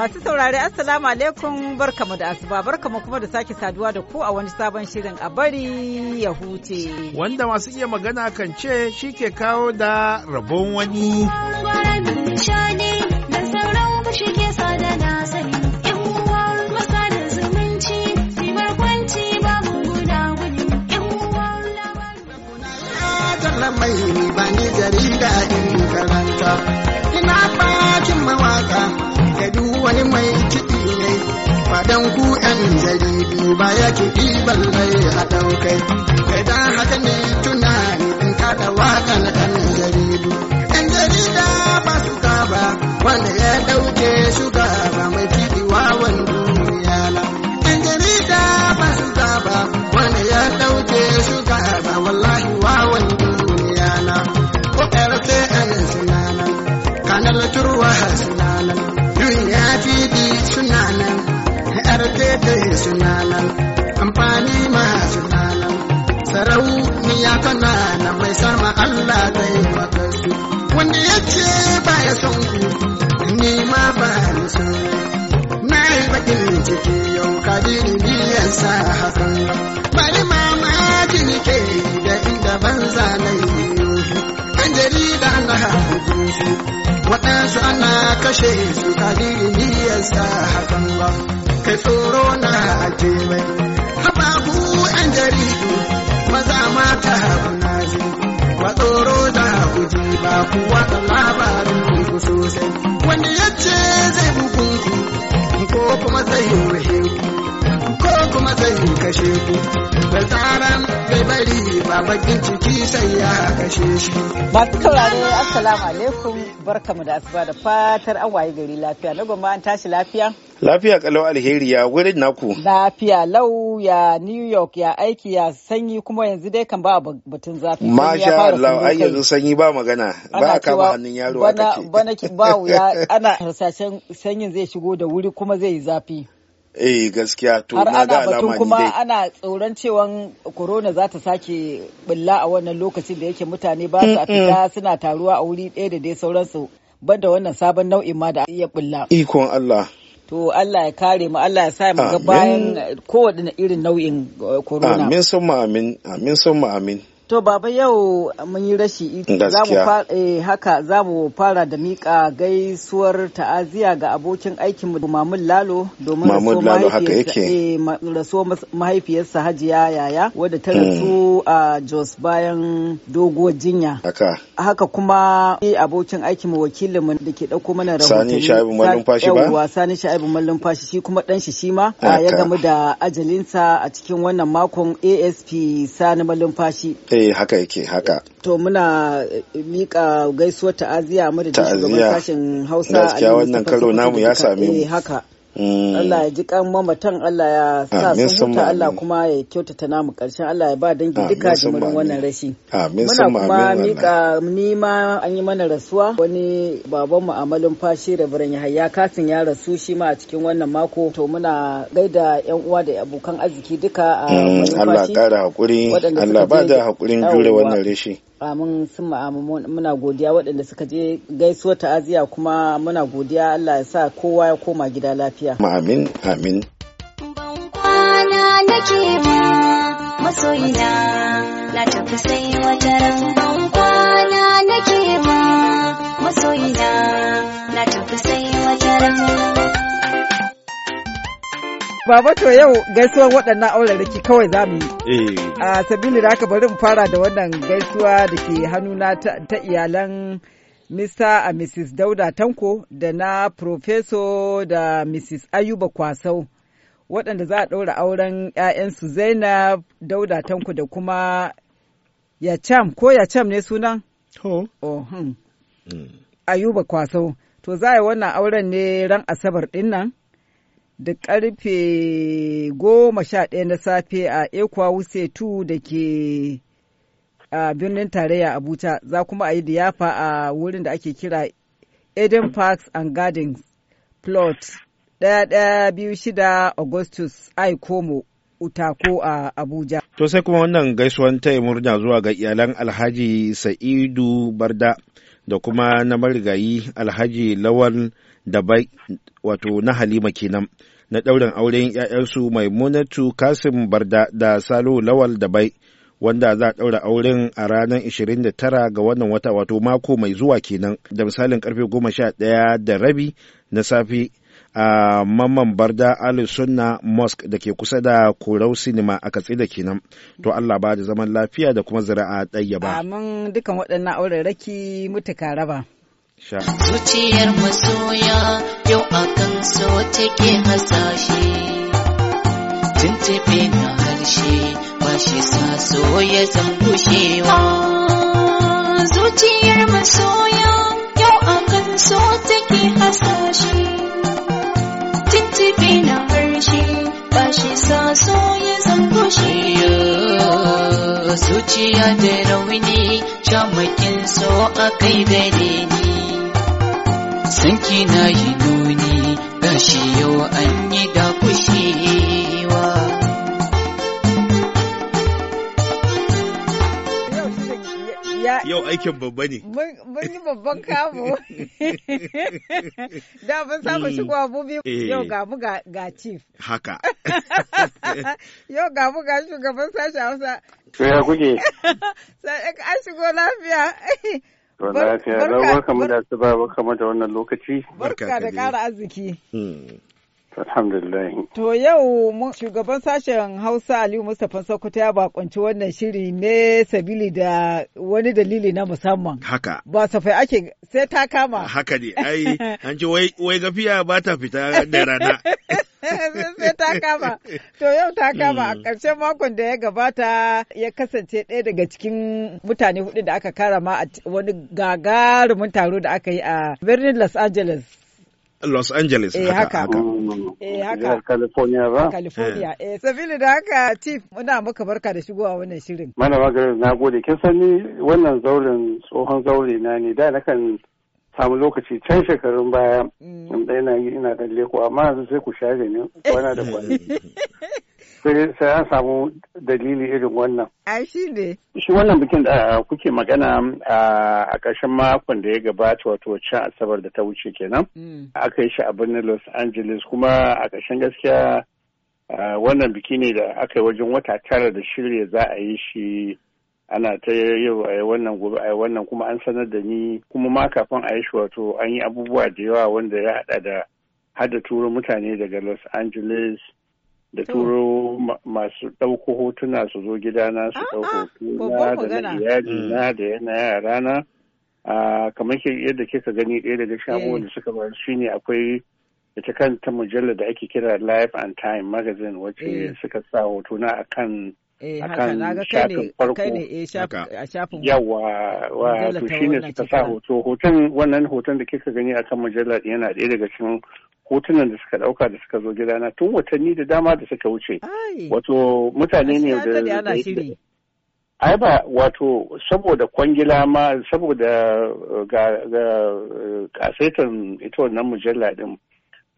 Masu saurare Assalamu alaikum barkamu da asuba barkamu kuma da sake saduwa da ku a wani sabon shirin a bari ya huce. Wanda masu iya magana kan ce shi ke kawo da rabon wani. mai ni ba ni jarida in karanta ina bakin mawaka wani mai kiɗi ne fadan ku yan jaridu ba ya kiɗi ballai a ɗaukai idan haka ne tunani in waka na ɗan jaridu yan jarida ba su ba wanda ya ɗauke su ba mai kiɗi wawan duniya na yan jarida ba su ba wanda ya ɗauke su ba wallahi wawan duniya na ko ƴar an sinana kanar turwa hasi suna nan rtt suna nan amfani ma suna nan sarauniya tana nan mai sarma allah ta yi su wanda ya ce ba ya son ku ni ma ba ni son na yi bakin ciki yau ni biyan sa hakan bari mamaki ni ke da inda banza na yi 'yan jarida na hangu waɗansu ana kashe su kadiri niyyar sa hakan ba kai tsoro na ake mai hababu 'yan jaridu maza mata kuna ji ba tsoro da ku ba ku da labarin ku sosai wani yace zai bugun ku ko kuma zai yi ko kuma zai kashe ku da tsaran bai bari ba bakin ciki sai ya kashe shi masu saurare assalamu alaikum barkamu da asuba da fatar an waye gari lafiya na gwamma an tashi lafiya lafiya kalau alheri ya wurin naku lafiya lau ya new york ya aiki ya sanyi kuma yanzu dai kan ba batun zafi masha Allah ai yanzu sanyi ba magana ba a kama hannun yaro a kake bana ba ana harsashen sanyin zai shigo da wuri kuma zai yi zafi eh gaskiya to na ga alama kuma ana tsoron cewa corona za ta sake bulla a wannan lokacin da yake mutane ba su fita suna taruwa a wuri ɗaya da dai sauransu banda wannan sabon nau'in ma da iya bulla ikon Allah to Allah ya kare mu Allah ya sa mu ga bayan kowane irin nau'in uh, corona amin sun amin amin sun amin To baba yau mun yi rashi zamu eh, haka za mu fara da mika gaisuwar ta'aziya ga abokin aikinmu Mamun Lalo domin raso eh, mahaifiyarsa Hajiya Yaya wadda ta mm. rasu a Jos bayan dogo jinya. Haka kuma abokin aikinmu wakilinmu da ke dauko mana rahotanni. Sani Sha'ibu Fashi ba? Yawwa Sani Sha'ibu Fashi. shi kuma dan shi shi ma ya gamu da ajalinsa a cikin wannan makon ASP Sani Fashi. eh haka yake haka to muna eh, mika gaisuwar ta'aziya mu da shugaban sashen Hausa gaskiya wannan karo namu ya same mu eh, haka Mm. Allah ya ji kan mamatan Allah ya sa sun huta Allah kuma ya kyautata namu karshen Allah ya ba dangi duka jimirin wannan rashi. Muna kuma mika nima an yi mana rasuwa wani baban mu amalin fashi rabiran Yahaya kasin ya rasu shi ma a cikin wannan mako to muna gaida yan uwa da abokan arziki duka a mm, Allah kara hakuri Allah ba da hakurin jure wannan rashi. amin sun ma'amu muna godiya waɗanda suka je gaisuwar ta'aziya kuma muna godiya Allah ya sa kowa ya koma gida lafiya. Amin amin. kwana nake ba masoyina na tafi sai wata ran kwana nake ba masoyina na tafi sai wata ran. Baba to yau gaisuwar waɗannan ke kawai za mu yi. Eh. A sabili da aka bari mu fara da wannan gaisuwa da ke hannuna ta iyalan Mr. a Mrs. Dauda Tanko da na Profeso da Mrs. Ayuba Kwasau. Waɗanda za a ɗaura auren 'ya'yansu Zainab Dauda Tanko da kuma Yacham ko Yacham ne sunan? To. Oh, hmm. Hmm. Ayuba Kwasau. To za a yi wannan auren ne ran Asabar ɗin nan. da karfe goma sha ɗaya na safe a ekwa wuse 2 da ke a birnin tarayya abuja za kuma a yi liyafa a wurin da ake kira eden parks and gardens plot ɗaya ɗaya biyu shida augustus komo utako a abuja to sai kuma wannan gaisuwan taya murna zuwa ga iyalan alhaji sa'idu barda da kuma na marigayi alhaji lawal. da bai wato na halima kenan na ɗaurin auren 'ya'yansu maimunatu kasim barda da salo lawal da bai wanda za a ɗaura auren a ranar 29 ga wannan wata wato mako mai zuwa kenan da misalin karfe 11 da rabi na safe a mamman barda ali sunna mosque da ke kusa da korau sinima a katsina kenan to allah ba da zaman lafiya da kuma zira'a ɗayyaba amin dukan waɗannan auren raki mutuka raba Zuciyar masoya yau akan so take hasashe. Tuntube na harshe ba shi sa so ya zangushewa. Zuciyar masoya yau akan so take hasashe. Tuntube na harshe ba shi sa so ya zangushewa. zuciya da rauni jamakin so a kai gare ni sanki na yi nuni shi yau an yi da aikin babba ne. Mun yi babban kamo. Da ban samu kuwa hmm. bubi eh. yau ga mu ga chief. Haka. Yau ga mu ga shugaban sashen Hausa. ya kuke. An shigo lafiya. Barka da kara arziki. Hmm. Alhamdulillah. To yau shugaban sashen Hausa Aliyu Mustapha Sokoto ya bakunci wannan shiri ne sabili da wani dalili na musamman. Haka. Ba safai ake sai ta kama. Haka ne, ai, an ce wai gafiya ba ta fita da rana. sai ta kama. To yau ta kama a mm. ƙarshen makon da ya gabata ya kasance ɗaya daga cikin mutane hudu da aka karama a wani gagarumin taro da aka yi a birnin Los Angeles. Los Angeles. Eh, haka. haka. Mm, mm, mm. Eh, haka. Eh, California ba. California. Eh. eh, sabili da haka, Chief, muna maka barka da shigowa wannan shirin. Mana magarin na gode. Kin sani wannan zauren tsohon zaure na ne, da nakan samu lokaci can shekarun baya. Ina ina da leko, amma sai ku share ne kwana da kwana. sai an samu dalili irin wannan. A shi ne. Shi wannan bikin da uh, kuke magana uh, a ƙarshen makon da ya gabata wato can asabar da ta wuce kenan. Hmm. Aka yi shi a birnin Los Angeles kuma a ƙarshen gaskiya uh, wannan biki ne da aka yi wajen wata tara da shirya za a yi shi ana ta yau a wannan gobe a wannan kuma an sanar da ni kuma ma kafin a yi shi wato an yi abubuwa da yawa wanda ya haɗa da hada turo mutane daga Los Angeles. da turo masu ɗauko hotuna su zo gidana su ɗauko. Ah, ah, hotuna da na mm. na da yana yarana ah, kamar yadda kika gani ɗaya daga shago eh. da suka bar ne akwai ita kanta mujallar da ake kira life and time magazine wacce eh. suka sa hotuna a kan eh, shafin farko yawa wato shine suka sa hoto hoton wannan hoton da kika gani akan mujallar yana ɗaya daga cikin hotunan da suka dauka da suka zo gidana tun watanni da dama da suka wuce wato mutane ne da ai ba wato saboda kwangila ma saboda uh, ga uh, kasaitan ita wannan mujalla din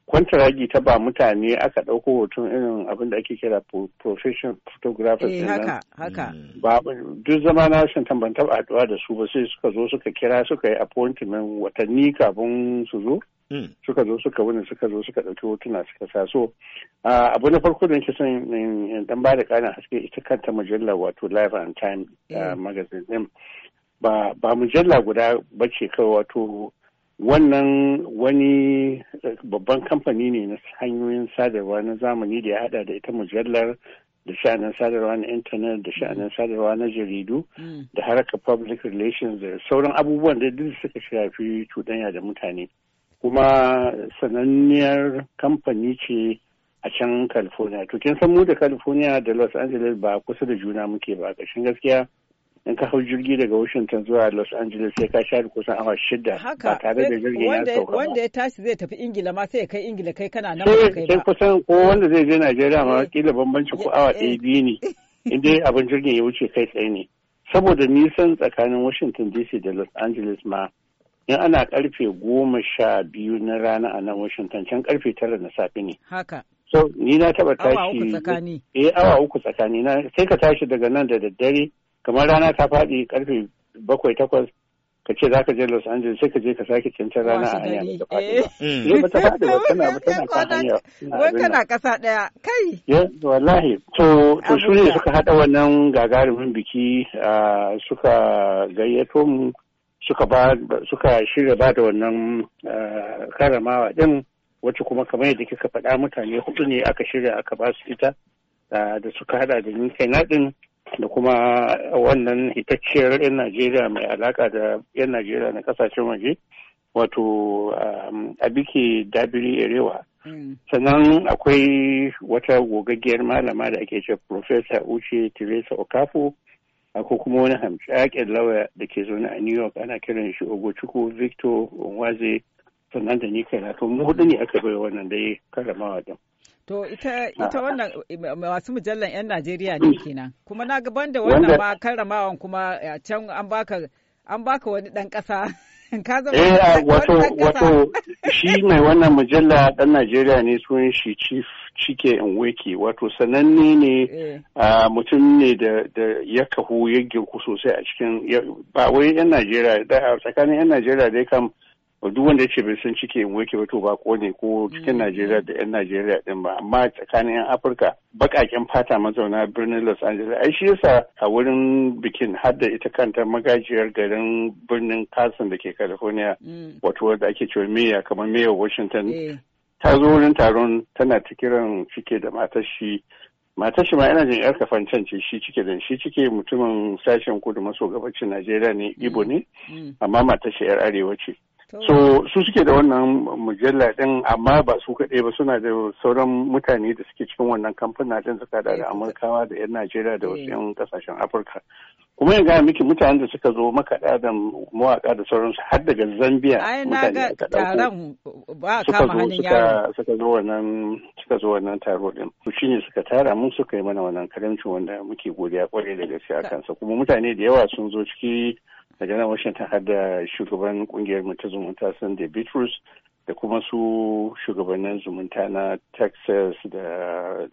kwantaragi ta ba mutane aka ɗauko hoton irin abin da ake kira profession photographers din eh, haka mm. ba duk zama na shan ban taɓa haɗuwa da su ba sai suka zo suka kira suka yi appointment watanni kafin su zo Mm. suka zo suka wani suka zo suka ɗauki hotuna suka sa so abu na farko da yake son dan ba da ƙarin haske ita kanta mujalla wato live and time uh, mm. magazine din ba mujalla guda bace kawai wato wannan wani uh, babban kamfani ne na hanyoyin sadarwa na zamani da ya hada da ita mujallar da sha'anin sadarwa na intanet da sha'anin mm. sadarwa na jaridu da haraka public relations da sauran abubuwan da duk suka shafi cuɗanya da mutane kuma sananniyar kamfani ce a can california to kin san mu da california da los angeles ba kusa da juna muke ba ƙarshen gaskiya in ka hau jirgi daga washington zuwa los angeles sai ka share kusan awa shida ba tare da jirgin ya sauka wanda ya tashi zai tafi ingila ma sai ya kai ingila kai kana nan ba eh, kai ba kusan ko wanda zai je nigeria ma eh. kila bambanci ko awa ɗaya eh. biyu ne inda abin jirgin ya wuce kai tsaye ne saboda nisan tsakanin washington dc da los angeles ma in ana karfe goma sha biyu na rana a nan washington can karfe tara na safe ne haka so ni na taba tashi eh awa uku tsakani na sai ka tashi daga nan da daddare kamar rana ta faɗi karfe bakwai takwas ka ce za ka je Los Angeles sai ka je ka sake cancan rana a hanya da fadi eh. Eh, ba. ta fadi ba tana ba tana kan hanya. Wai kana ƙasa ɗaya kai. Eh, wallahi to to su ne suka haɗa wannan gagarumin biki ah, suka gayyato mu suka ba suka shirya ba da wannan eh, karamawa din wacce kuma kamar yadda kika faɗa mutane hudu ne aka shirya aka ba su ita da suka hada da ni kai din da kuma wannan hitacciyar 'yan najeriya mai alaka da 'yan najeriya na kasashen waje wato um, abike dabiri erewa hmm. sannan akwai wata gogaggiyar malama da ake ce professor uche teresa okafo ko kuma wani hamshakin lauya da ke zaune a new york ana kiran shi ogochukwu victor onwaze sannan da nika na to mu hudu ne aka bai wannan dai karamawa din To ita ah. ita wannan masu mujallar 'yan Najeriya ne kenan. Kuma na gaban da wannan ba karamawan kuma eh, can an baka an baka wani dan kasa. Ka zama eh ah, wato wato shi mai wannan mujalla dan Najeriya ne sunan shi Chief Cike in wake wato sananne ne eh. mutum ne da ya kahu ya girku sosai a cikin ba wai 'yan Najeriya da tsakanin 'yan Najeriya dai kam duk wanda ce bai san cike in wake wato ba ne ko cikin mm. Najeriya da 'yan Najeriya din ba amma tsakanin 'yan Afirka bakaken fata mazauna birnin Los Angeles ai shi yasa a wurin bikin har da ita kanta magajiyar garin birnin Carson da ke California mm. wato wanda ake cewa meya kamar meya Washington eh. ta zo wurin taron tana ta kiran cike da matar shi ma yana jin yar kafancan ce shi cike da shi cike mutumin sashen kudu maso gabacin najeriya ne ibo ne mm. Mm. amma matashi yar arewa ce So su suke da wannan mujalla din amma ba su kaɗai ba suna da sauran mutane da suke cikin wannan kamfuna din suka da da eh, Amurkawa da 'yan Najeriya da wasu 'yan eh. kasashen Afirka. Kuma yin gaya miki mutanen da suka zo makaɗa da mawaƙa da sauransu har daga Zambia. mutane da Suka zo wannan taro din. Su ne suka tara mun suka yi mana wannan karamcin wanda muke godiya kwarai da gaske a kansa. Kuma mutane da yawa sun zo ciki daga nan washington har da shugaban kungiyar mu ta zumunta sunday bitrus da kuma su shugabannin zumunta na texas da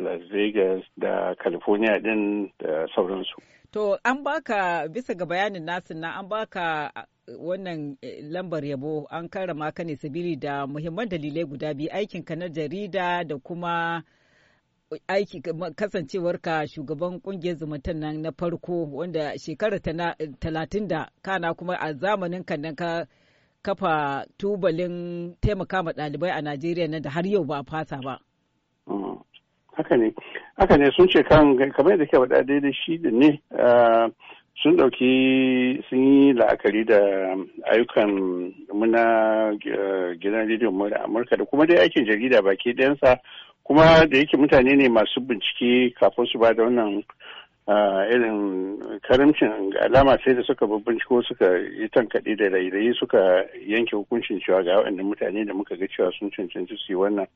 las vegas da california din da sauransu to an baka bisa ga bayanin nasu na an baka wannan eh, lambar yabo an karama ka ne sabili da muhimman dalilai guda biyu aikinka na jarida da kuma aiki kasancewar ka shugaban kungiyar zumuntan nan na farko wanda shekara talatin da kana kuma a zamanin ka nan ka kafa tubalin taimaka ma ɗalibai a Najeriya nan da har yau ba fasa ba. Mm. Haka ne, haka ne sun ce kan kamar da ke faɗa daidai shi da ne uh, sun ɗauki sun yi la'akari da ayyukan muna uh, gidan rediyon mura Amurka da kuma dai aikin jarida baki ɗayansa kuma da yake mutane ne masu bincike kafin su ba da wannan irin karamcin alama sai da suka binciko suka yi tankaɗe da rairayi suka yanke hukuncin cewa ga waɗannan mutane da muka ga cewa sun cancanci su yi wannan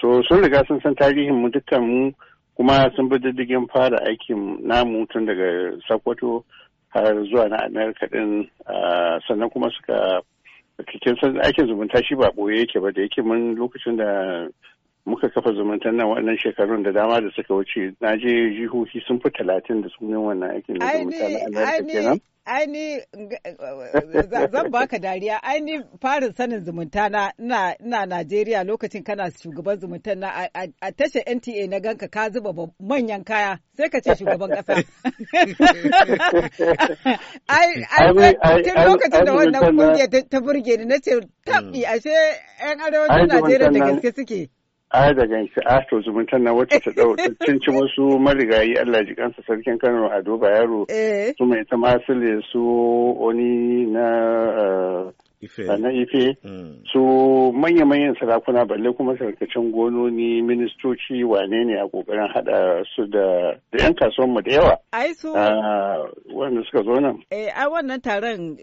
so sun riga sun san tarihin mu dukkan mu kuma sun bi diddigin fara aikin namu tun daga sakwato har zuwa na amerika din sannan kuma suka aikin zumunta shi ba ɓoye yake ba da yake mun lokacin da muka kafa zumuntar nan waɗannan shekarun da dama da suka wuce na je jihohi sun fi talatin da sunan wannan aikin da zumunta na Aini zan baka dariya aini farin sanin zumunta na ina Najeriya lokacin kana shugaban zumunta na a tashar NTA na ganka ka zuba manyan kaya sai ka ce shugaban kasa. Ai tun lokacin da wannan kungiya ta burge ni na ce tabbi mm. ashe 'yan arewacin Najeriya da gaske suke. agajen ato zumuntar na wacce ta dau cinci wasu marigayi Allah ji kansa sarkin Kano Ado Bayero eh. su mai ta su oni na eh, na ife mm. su manya-manyan sarakuna balle kuma sarkacin gononi ministoci wane ne a kokarin hada su da yan kasuwan mu da yawa ai su ah, wanda suka zo nan eh ai wannan taron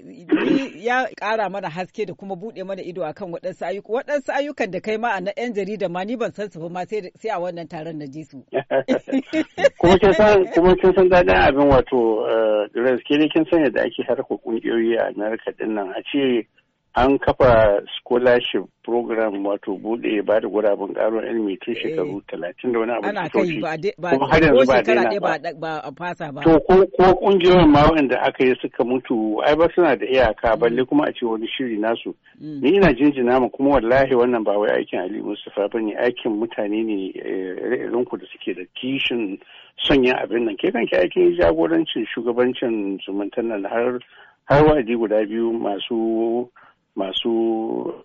ya kara mana haske da kuma bude mana ido akan waɗansu ayyuka waɗansu ayyukan da kai ma a na yan jarida ma ni ban san su ma sai a wannan taron na ji su kuma kin san kuma kin san daɗin abin wato eh, da ne kin san yadda ake harkar kungiyoyi a narka din nan a ce an kafa scholarship program wato bude ba da guraben karon ilimi tun shekaru eh. talatin da wani abu ana kai ba har yanzu ba daina ba fasa ba to ko ko kungiyoyin ma wanda aka yi suka mutu ai ba suna da iyaka mm. balle kuma a ce wani shiri nasu mm. ni ina jinjina mu kuma wallahi wannan ba wai aikin Ali Mustafa bane aikin mutane ne eh, irin ku da suke da kishin sanya abin nan ke kanki aikin jagorancin shugabancin zumuntan nan har har wa'adi guda biyu masu masu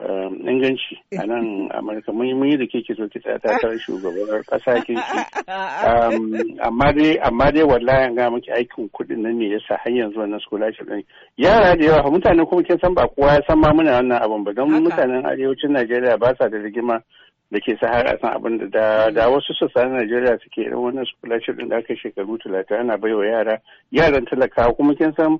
um, inganci a nan amurka mun yi da ke kitso kitsa ta tare shugabar kasa kinki um, amma dai amma dai wallahi ga miki aikin kuɗin nan ne yasa har yanzu wannan scholarship din yara da yawa mutane kuma kin san ba kowa ya san ma muna wannan abun ba don mutanen arewacin Najeriya ba sa da rigima da ke a san abin da da, da wasu sassan Najeriya suke irin wannan scholarship din da aka shekaru talatin ana baiwa yara yaran talakawa kuma kin san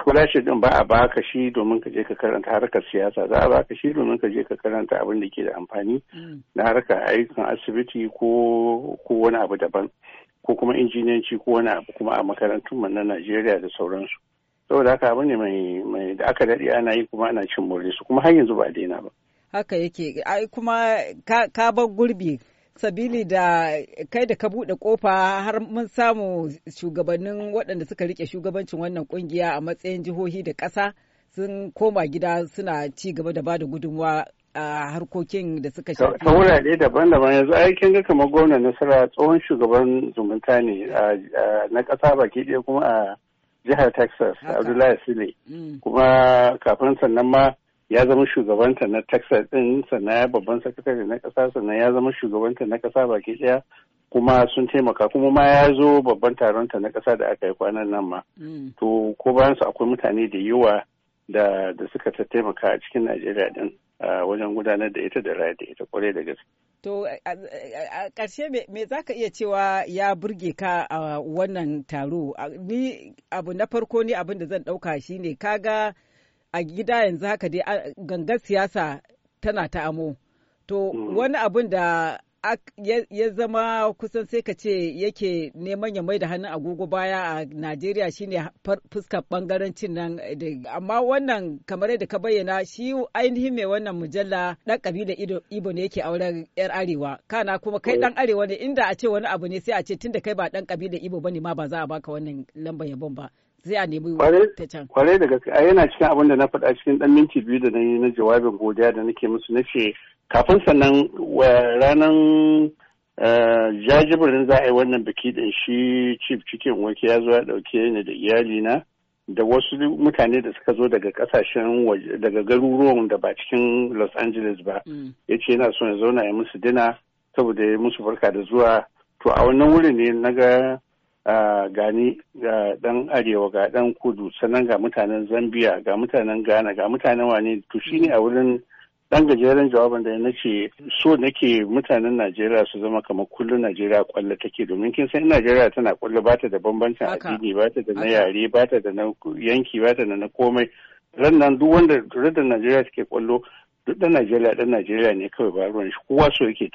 scholarship din ba a baka shi domin ka je ka karanta harkar siyasa za a baka shi domin ka je ka karanta abin da ke da amfani mm. na harkar ayyukan asibiti ko wani abu daban ko kuma injiniyanci ko wani abu kuma a makarantun man na Najeriya da sauransu saboda haka abu ne mai da aka daɗe ana yi kuma ana cin more su kuma har yanzu ba daina ba haka yake ai kuma ka bar gurbi sabili da kai da ka buɗe kofa har mun samu shugabannin waɗanda suka rike shugabancin wannan kungiya a matsayin jihohi da ƙasa sun koma gida suna ci gaba da bada gudunmawa a harkokin da suka shafi. Ta wurare daban-daban yanzu aikin ga kamar gwamnan nasara tsohon shugaban zumunta ne na ƙasa baki ɗaya kuma a jihar Texas Abdullahi Sule mm. kuma kafin sannan ma ya zama shugabanta na texas din sannan ya babban sakatare na kasa sannan ya zama shugabanta na kasa baki daya kuma sun taimaka kuma ma ya zo babban taron ta na kasa da aka yi kwanan nan ma mm. to ko bayan su akwai mutane da yawa da da suka ta taimaka a cikin najeriya din wajen gudanar da ita da raya da ita kwarai da gaske to a ƙarshe me za ka iya cewa ya burge ka a wannan taro ni abu na farko ni abin da zan ɗauka shine kaga a gida yanzu haka dai gangar siyasa tana ta amo to mm. wani abun da ya zama kusan sai ka ce yake neman ya mai da hannun agogo baya a najeriya shine fuskar bangarancin nan eh, amma wannan kamar yadda ka bayyana shi ainihin mai wannan mujalla dan kabila ibo ne yake auren yar arewa kana kuma kai dan eh. arewa ne inda a ce wani abu ne sai a ce tunda kai ba dan kabila ibo bane ma ba za a baka wannan lambar yabon ba zai a nemi ta can. Kwarai da gaske yana cikin abin da na faɗa cikin ɗan minti biyu da na yi na jawabin godiya da nake musu na ce kafin sannan ranar eh, jajibirin za a yi wannan biki ɗin shi chief cikin wake ya zo ya ɗauke ni da iyali na da wasu mutane da suka zo daga kasashen daga garuruwan da ba cikin Los Angeles ba mm. ya ce yana so ya zauna ya musu dina saboda ya musu barka da zuwa to a wannan wurin ne na ga gani ga dan arewa ga dan kudu sannan ga mutanen zambia ga mutanen ghana ga mutanen wane to shine a wurin dan gajeren jawaban da na ce so nake mutanen najeriya su zama kamar kullum najeriya kwallo take domin kin san najeriya tana kwallo bata da bambancin addini bata da na yare bata da na yanki bata da na komai rannan duk wanda da najeriya take kwallo duk dan najeriya dan najeriya ne kawai ba ruwan shi kowa so yake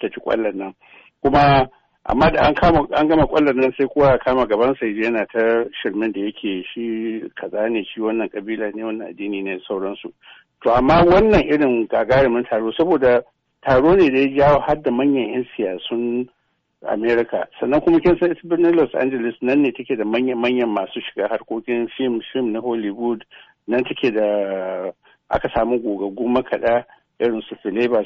ta ci kwallon nan kuma amma da an kama an gama kwallon nan sai kowa ya kama gaban sai yana ta shirmin da yake shi kaza ne shi wannan kabila ne wannan addini ne sauransu to amma wannan irin gagarumin taro saboda taro ne da ya jawo har da manyan 'yan siyasun america sannan kuma kin san birnin los angeles nan ne take da manyan-manyan masu shiga harkokin fim fim na hollywood nan take da aka samu gogaggu makaɗa irin su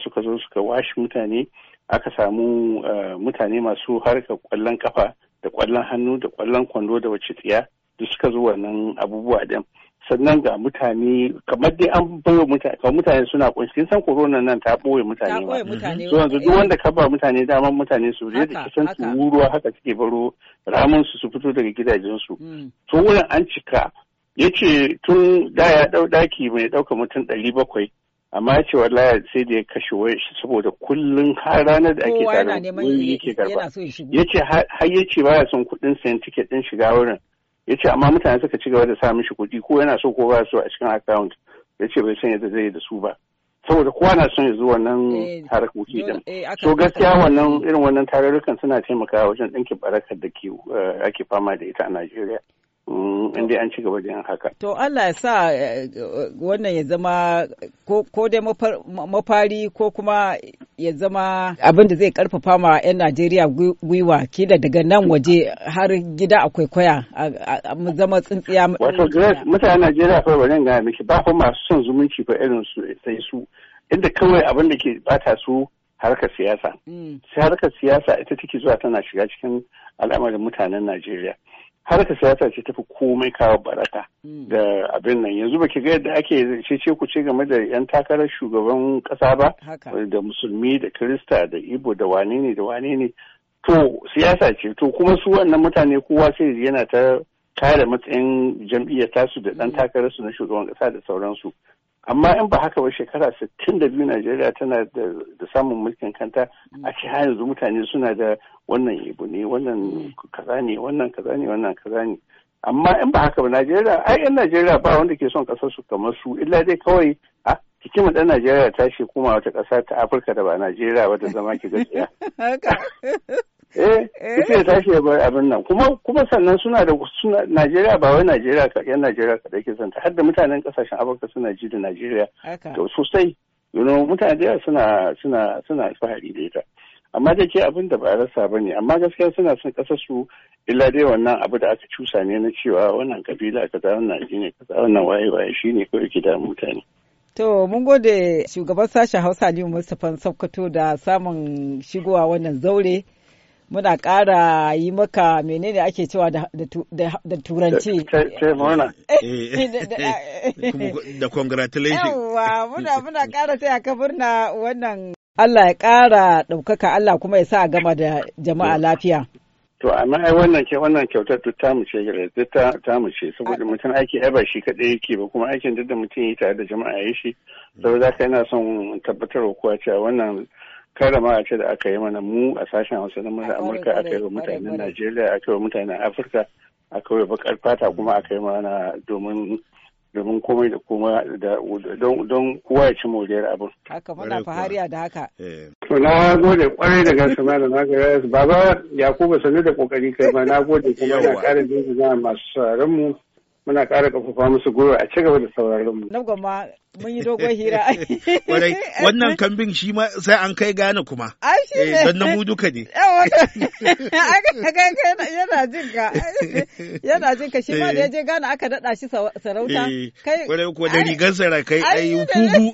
suka zo suka washe mutane aka samu eh, mutane masu harkar kwallon kafa da kwallon hannu da kwallon kwando da wace tsiya duk suka zo wannan abubuwa din sannan ga mutane kamar dai an bayo mutane kamar mutane suna kunshi san corona nan ta boye mutane ba so yanzu duk wanda ka ba mutane daman mutane su je da kisan su haka suke baro ramin su su fito daga gidajen su mm. to wurin an cika yace tun da ya dau daki mai dauka mutum ɗari bakwai amma ya ce wallahi sai da ya kashe wai shi saboda kullun har ranar da ake tare yake karba ya ce har ya ce baya son kudin sayan tiket din shiga wurin ya ce amma mutane suka ci gaba da sa mishi kuɗi ko yana so ko ba so a cikin account ya ce bai san yadda zai dasu da su ba saboda kowa na son ya zo wannan eh, harkoki din so eh, gaskiya wannan irin wannan tarurrukan suna taimakawa wajen ɗinkin barakar da eh, ake fama da ita a Najeriya Mm, in dai an ci gaba da yin haka. To Allah ya sa eh, wannan ya zama ko dai mafari ko kuma ya zama abin da zai karfafa ma 'yan Najeriya gwiwa kila daga nan waje har gida akwai kwaya mu zama tsintsiya. Wato mutane Najeriya fara bari gaya miki ba kuma masu son zumunci ba irin su sai su inda kawai abin da ke bata su harkar siyasa. Mm. Sai harkar siyasa ita take zuwa tana shiga cikin al'amarin mutanen Najeriya. Har ka siyasa ce tafi komai kawo baraka hmm. da abin nan yanzu baki ga yadda ake cece ku ce game da yan takarar shugaban kasa ba da musulmi da kirista da ibo da wane ne da wane ne to siyasa ce to kuma su wannan mutane kowa sai yana ta kare matsayin jam'iyyar tasu da dan hmm. takararsu na shugaban kasa da sauransu amma in ba haka ba shekara biyu najeriya tana da samun mulkin kanta a ce har yanzu mutane suna da wannan ibu ne wannan kaza ne wannan kaza ne wannan kaza ne amma in ba haka ba najeriya ai in najeriya ba wanda ke son kasar su kamar su illa dai kawai a hikimar dan najeriya ta shi kuma wata kasa ta afirka da ba najeriya ba da zama ki gaskiya eh suke tashi ya bar abin nan kuma kuma sannan suna da suna Najeriya ba wai Najeriya ka yan Najeriya ka dake zanta har da mutanen kasashen Afirka suna ji da Najeriya to sosai you know mutane da suna suna suna da ita amma da ke abin da ba a rasa ba ne amma gaskiya suna son kasar su illa dai wannan abu da aka cusa ne na cewa wannan kabila kaza wannan ka kaza wannan waye waye shine kawai ke da mutane To mun gode shugaban sashen Hausa Aliyu Mustapha Sokoto da samun shigowa wannan zaure muna ƙara yi maka menene ake cewa da turanci. Da congratulations. Yawwa muna muna ƙara taya ka murna wannan Allah ya ƙara ɗaukaka Allah kuma ya sa a gama da jama'a lafiya. To amma ai wannan ce wannan kyautar duk ta mace duk ta ta mace saboda mutum aiki ai ba shi kadai yake ba kuma aikin duk da mutum yi tare da jama'a yayi shi saboda haka na son tabbatarwa kowa cewa wannan a ce da aka yi mana mu a sashen hausa na murar amurka aka yi wa mutanen najeriya aka yi wa mutanen afirka aka yi wa bakar fata kuma aka yi mana domin domin komai da kuma don kowa ya ci moriyar abin. Haka muna fahariya da haka. Eh. To na gode kwarai da gaske malam na ga baba Yakubu sanu da kokari kai ma na gode kuma na ƙara jinjina masu sauraron mu muna ƙara kafafa musu goro a ci gaba da sauraron mu. Na mun yi dogon hira wannan kambin shi ma sai an kai gane kuma eh, don na mu duka ne yana jin ka yana jin ka shi ma da ya je gane aka daɗa shi sarauta eh, kai kwarai kuwa da rigar sarakai ai fugu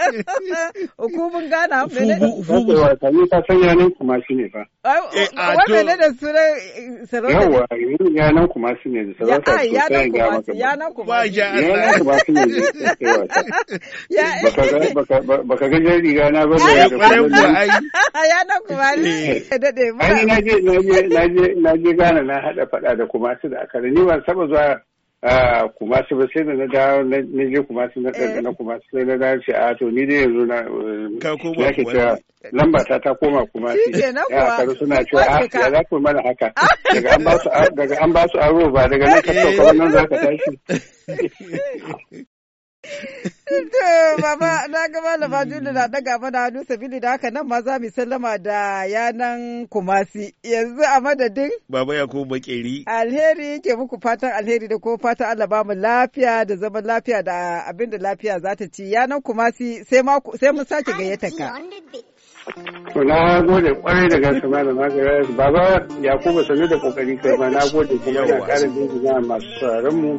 hukumun gana fugu fugu ni ta san yanan kuma shi ne fa eh, wannan ne da sunan sarauta yawa yanan kuma shi ne da sarauta kuma kuma shi ne Baka ga jan riga na ba da ya Ya na kuma da ya daɗe ba. Ai na je na je gana na hada fada da kuma su da akara ni ban saba zuwa kuma su ba sai da na da na je kuma su na eh. ɗaga na kuma su na dawo ce a to ni dai yanzu na ya ke cewa lamba ta ta koma kuma su ya karu suna cewa a ya za ku mana haka ah. daga an ba su aro ba daga nan ka sauka wannan za ka tashi. Baba na ga malama Juli na daga mana hannu sabili da haka nan ma za mu sallama da yanan kumasi yanzu a madadin. Baba ya kuma makeri. Alheri ke muku fatan alheri da ko fatan Allah ba mu lafiya da zaman lafiya da abinda lafiya za ta ci yanan kumasi sai mu sake gayyata ka. To na gode kwarai da gasa malam Hajara baba Yakubu sanu da kokari kai ma na gode kuma ina ƙara jinjina masu sauraron mu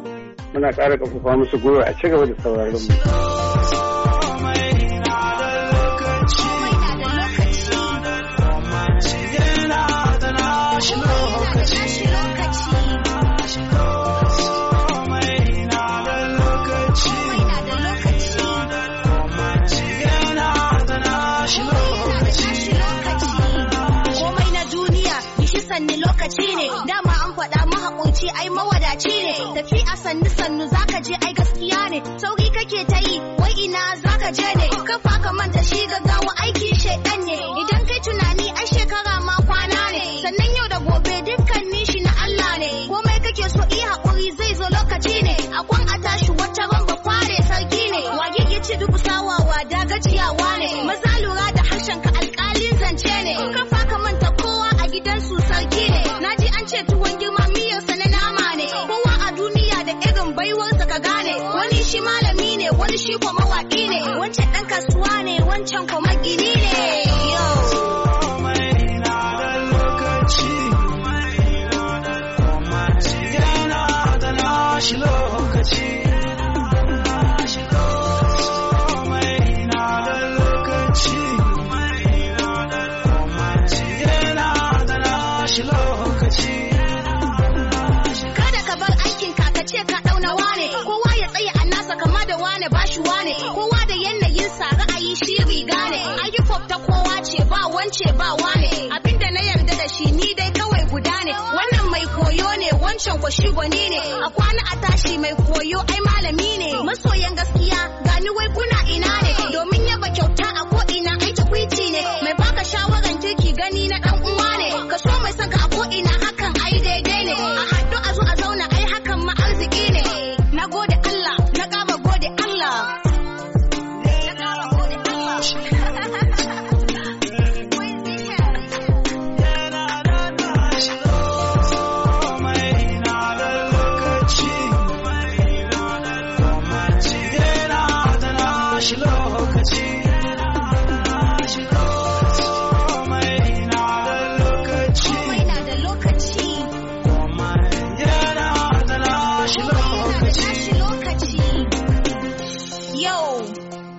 muna ƙara kafafa musu gwiwa a cigaba da sauraron mu. ai mawadaci ne tafi a sannu sannu zaka je ai gaskiya ne sauki kake ta yi wai ina zaka je ne kafa ka manta shi gaggawa aiki shedan ne idan kai tunani ai shekara ma kwana ne sannan yau da gobe dukkan nishi na Allah ne komai kake so yi hakuri zai zo lokaci ne akwan a tashi wata ba kware sarki ne wage ya ce dubu sawawa da gajiyawa ce ba wane abinda na yarda da shi ni dai kawai guda ne wannan mai koyo ne wancan ko shi gwani ne a kwana a tashi mai koyo ai malami ne masoyan gaskiya gani wai kuna ina ne domin yaba kyauta a